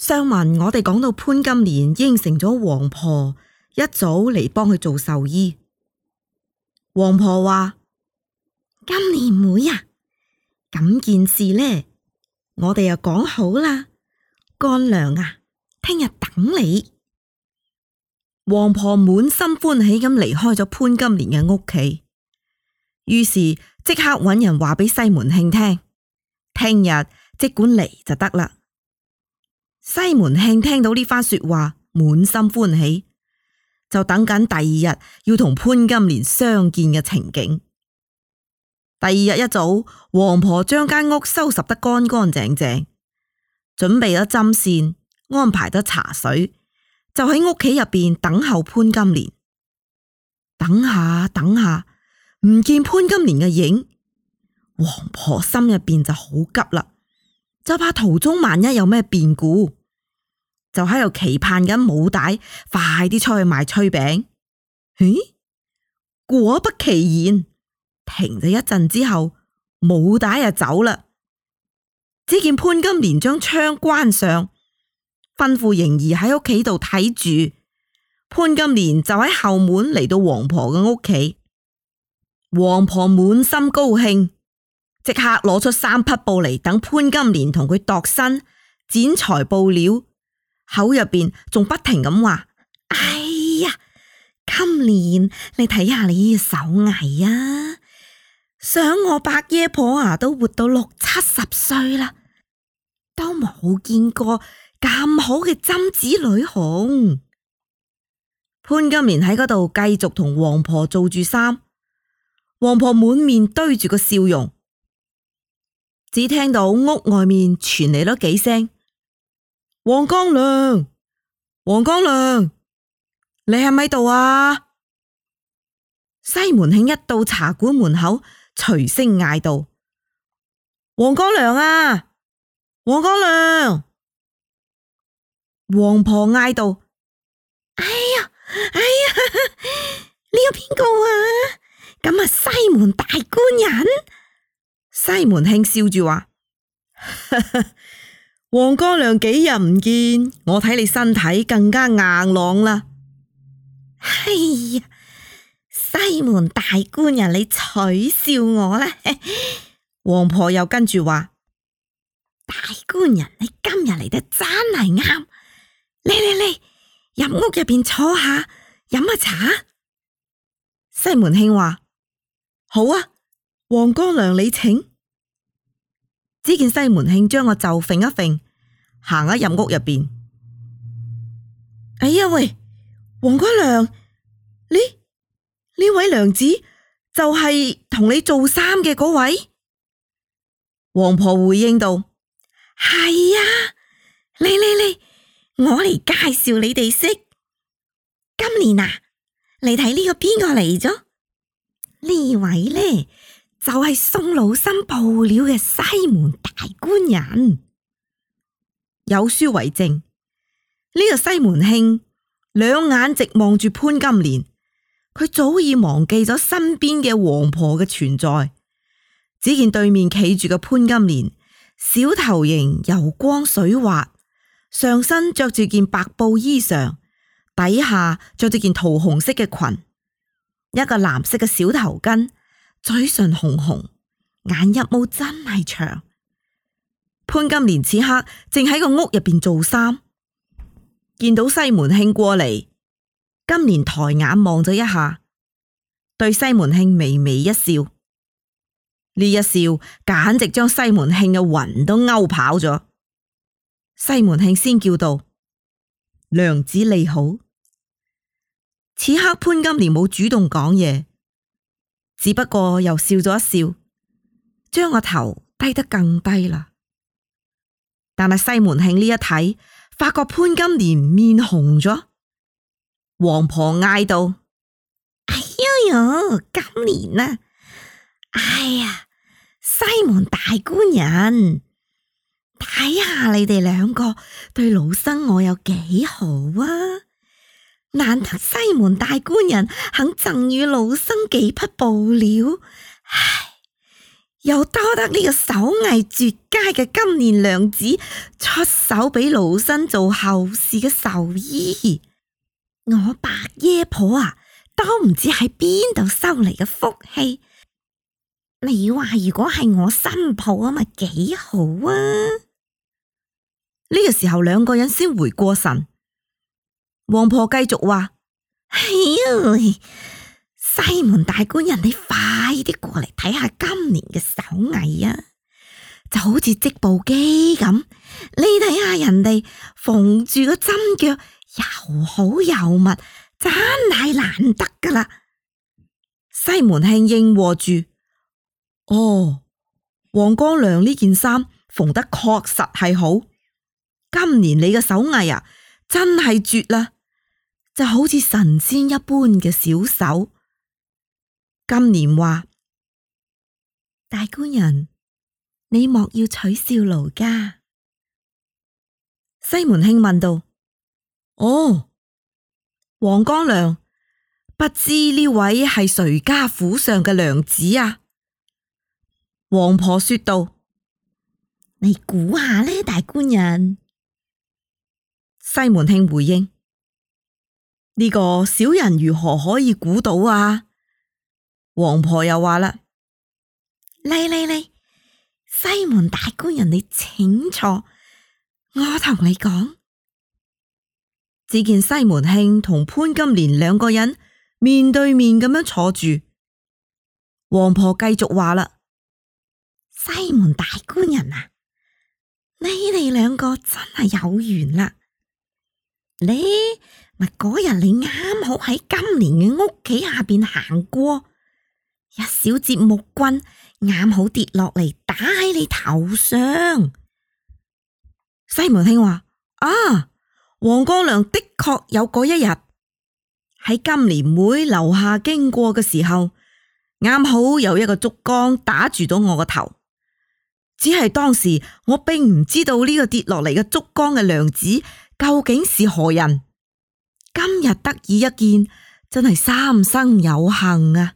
上文我哋講到潘金蓮應承咗王婆一早嚟幫佢做壽衣，王婆話：金蓮妹啊，咁件事呢，我哋又講好啦，乾娘啊，聽日等你。王婆滿心歡喜咁離開咗潘金蓮嘅屋企，於是即刻搵人話俾西門慶聽，聽日即管嚟就得啦。西門慶聽到呢番說話，滿心歡喜，就等緊第二日要同潘金蓮相見嘅情景。第二日一早，王婆將間屋收拾得乾乾淨淨，準備咗針線，安排咗茶水，就喺屋企入邊等候潘金蓮。等下等下，唔見潘金蓮嘅影，王婆心入邊就好急啦，就怕途中萬一有咩變故。就喺度期盼緊武大快啲出去賣炊餅。咦，果不其然，停咗一陣之後，武大就走啦。只見潘金蓮將窗關上，吩咐迎兒喺屋企度睇住。潘金蓮就喺後門嚟到王婆嘅屋企。王婆滿心高興，即刻攞出三匹布嚟，等潘金蓮同佢度身剪裁布料。口入邊仲不停咁話，哎呀！今年你睇下你手藝啊，想我伯爺婆啊，都活到六七十歲啦，都冇見過咁好嘅針子女紅。潘金蓮喺嗰度繼續同王婆做住衫，王婆滿面堆住個笑容，只聽到屋外面傳嚟咗幾聲。王光亮，王光亮，你係咪喺度啊？西門慶一到茶館門口，隨聲嗌道：王光亮啊，王光亮！王婆嗌道：哎呀，哎呀，你有邊個啊？咁啊，西門大官人。西門慶笑住話。： 王乾娘幾日唔見，我睇你身體更加硬朗啦。哎呀，西門大官人，你取笑我啦。 王婆又跟住話：大官人，你今日嚟得真係啱。嚟嚟嚟，入屋入邊坐下，飲下茶。 西門慶話：好啊，王乾娘，你請。只見西門慶將個袖揈一揈，行咗入屋入邊。哎呀喂，王姑娘，你，呢位娘子就係同你做衫嘅嗰位。王婆回應道：係啊，你、你、你，我嚟介紹你哋識。今年啊，你睇呢個邊個嚟咗？呢位呢。」就係宋老生報料嘅西門大官人，有書為證。呢個西門慶兩眼直望住潘金蓮，佢早已忘記咗身邊嘅王婆嘅存在。只見對面企住嘅潘金蓮，小頭型油光水滑，上身着住件白布衣裳，底下着住件桃紅色嘅裙，一個藍色嘅小頭巾。嘴唇紅紅，眼一毛真係長。潘金蓮此刻正喺個屋入邊做衫，見到西門慶過嚟，金蓮抬眼望咗一下，對西門慶微微一笑。呢一笑簡直將西門慶嘅魂都勾跑咗。西門慶先叫道：娘子，你好。此刻潘金蓮冇主動講嘢。只不過又笑咗一笑，將個頭低得更低啦。但係西門慶呢一睇，發覺潘金蓮面紅咗，王婆嗌道：哎喲喲，金蓮啊，哎呀，西門大官人，睇下你哋兩個對老身我有幾好啊！難得西門大官人肯贈與老身幾匹布料，唉，又多得呢個手藝絕佳嘅金蓮娘子出手俾老身做後事嘅壽衣，我伯爺婆啊都唔知喺邊度收嚟嘅福氣。你話如果係我新抱啊，咪幾好啊？呢個時候兩個人先回過神。王婆繼續話：哎喲，西門大官人，你快啲過嚟睇下金蓮嘅手藝啊！就好似織布機咁，你睇下人哋縫住個針腳又好又密，真係難得噶啦！西門慶應和住：哦，王光良呢件衫縫得確實係好，金蓮你嘅手藝啊，真係絕啦！就好似神仙一般嘅小手。金蓮話：大官人，你莫要取笑奴家。西門慶問道：哦，王光良，不知呢位係誰家府上嘅娘子啊？王婆說道：你估下呢，大官人。西門慶回應。呢個小人如何可以估到啊？王婆又話啦：嚟嚟嚟，西門大官人，你請坐，我同你講。只見西門慶同潘金蓮兩個人面對面咁樣坐住。王婆繼續話啦：西門大官人啊，你哋兩個真係有緣啦，你。咪嗰日你啱好喺金蓮嘅屋企下邊行過，一小節木棍啱好跌落嚟打喺你頭上。西門慶話：啊，王光良的確有嗰一日喺金蓮妹樓下經過嘅時候，啱好有一個竹竿打住到我個頭，只係當時我並唔知道呢個跌落嚟嘅竹竿嘅娘子究竟是何人。今日得以一見，真係三生有幸啊！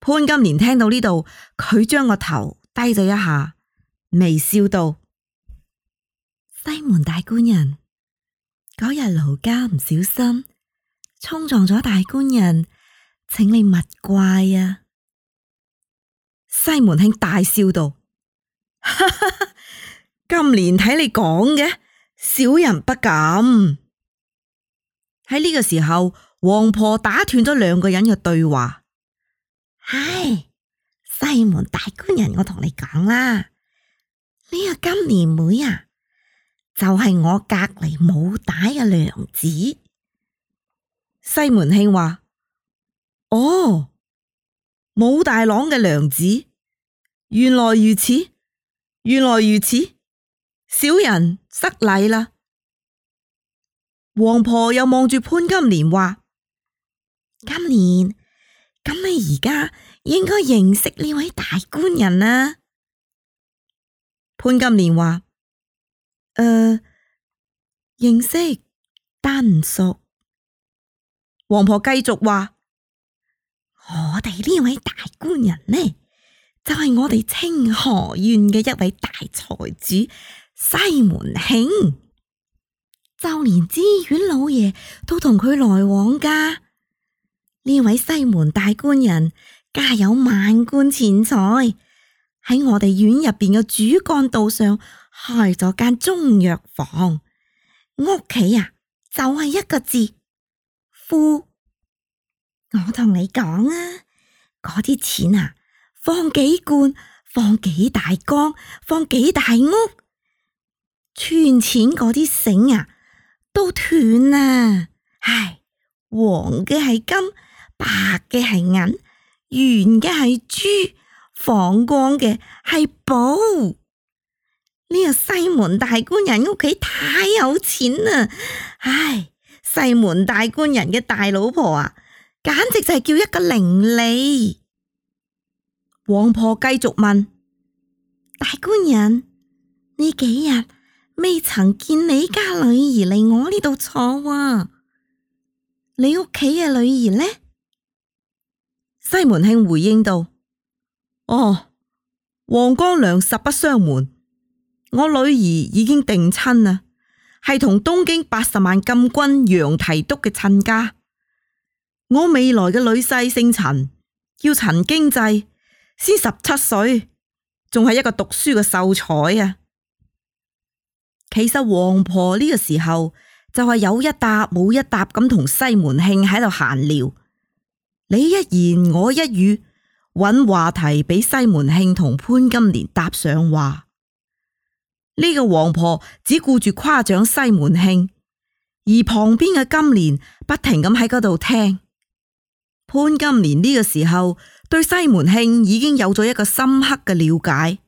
潘金蓮聽到呢度，佢將個頭低咗一下，微笑道：西門大官人，嗰日盧家唔小心衝撞咗大官人，請你勿怪啊！西門慶大笑道：哈哈，今年睇你講嘅，小人不敢。喺呢個時候，王婆打斷咗兩個人嘅對話。唉、哎，西門大官人我，我同你講啦，呢個金蓮妹啊，就係、是、我隔籬武大嘅娘子。西門慶話：哦，武大郎嘅娘子，原來如此，原來如此，小人失禮啦。王婆又望住潘金蓮話：今年，咁你而家應該認識呢位大官人啦。潘金蓮話：誒、呃，認識，但唔熟。王婆繼續話：我哋呢位大官人呢，就係我哋清河縣嘅一位大財主，西門慶。就連知縣老爺都同佢來往噶。呢位西門大官人，家有萬貫錢財，喺我哋縣入邊嘅主幹道上開咗間中藥房，屋企啊就係、是、一個字富。我同你講啊，嗰啲錢啊，放幾罐，放幾大缸，放幾大屋，存錢嗰啲繩啊！都斷啊！唉，黃嘅係金，白嘅係銀，圓嘅係珠，放光嘅係寶。呢、這個西門大官人屋企太有錢啦！唉，西門大官人嘅大老婆啊，簡直就係叫一個伶俐。王婆繼續問：大官人呢幾日？未曾見你家女兒嚟我呢度坐，啊，你屋企嘅女兒呢？西門慶回應道：哦，黃光良實不相瞞，我女兒已經訂親啦，係同東京八十萬禁軍楊提督嘅親家。我未來嘅女婿姓陳，叫陳經濟，先十七歲，仲係一個讀書嘅秀才啊。其實王婆呢個時候就係、是、有一搭冇一搭咁同西門慶喺度閒聊，你一言我一語，搵話題俾西門慶同潘金蓮搭上話。呢、這個王婆只顧住誇獎西門慶，而旁邊嘅金蓮不停咁喺嗰度聽。潘金蓮呢個時候對西門慶已經有咗一個深刻嘅了解。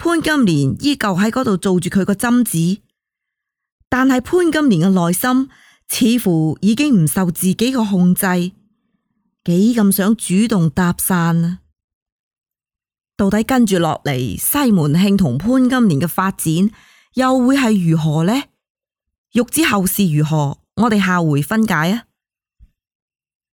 潘金蓮依舊喺嗰度做住佢個針子，但係潘金蓮嘅內心似乎已經唔受自己嘅控制，幾咁想主動搭訕啊！到底跟住落嚟，西門慶同潘金蓮嘅發展又會係如何呢？欲知後事如何，我哋下回分解啊！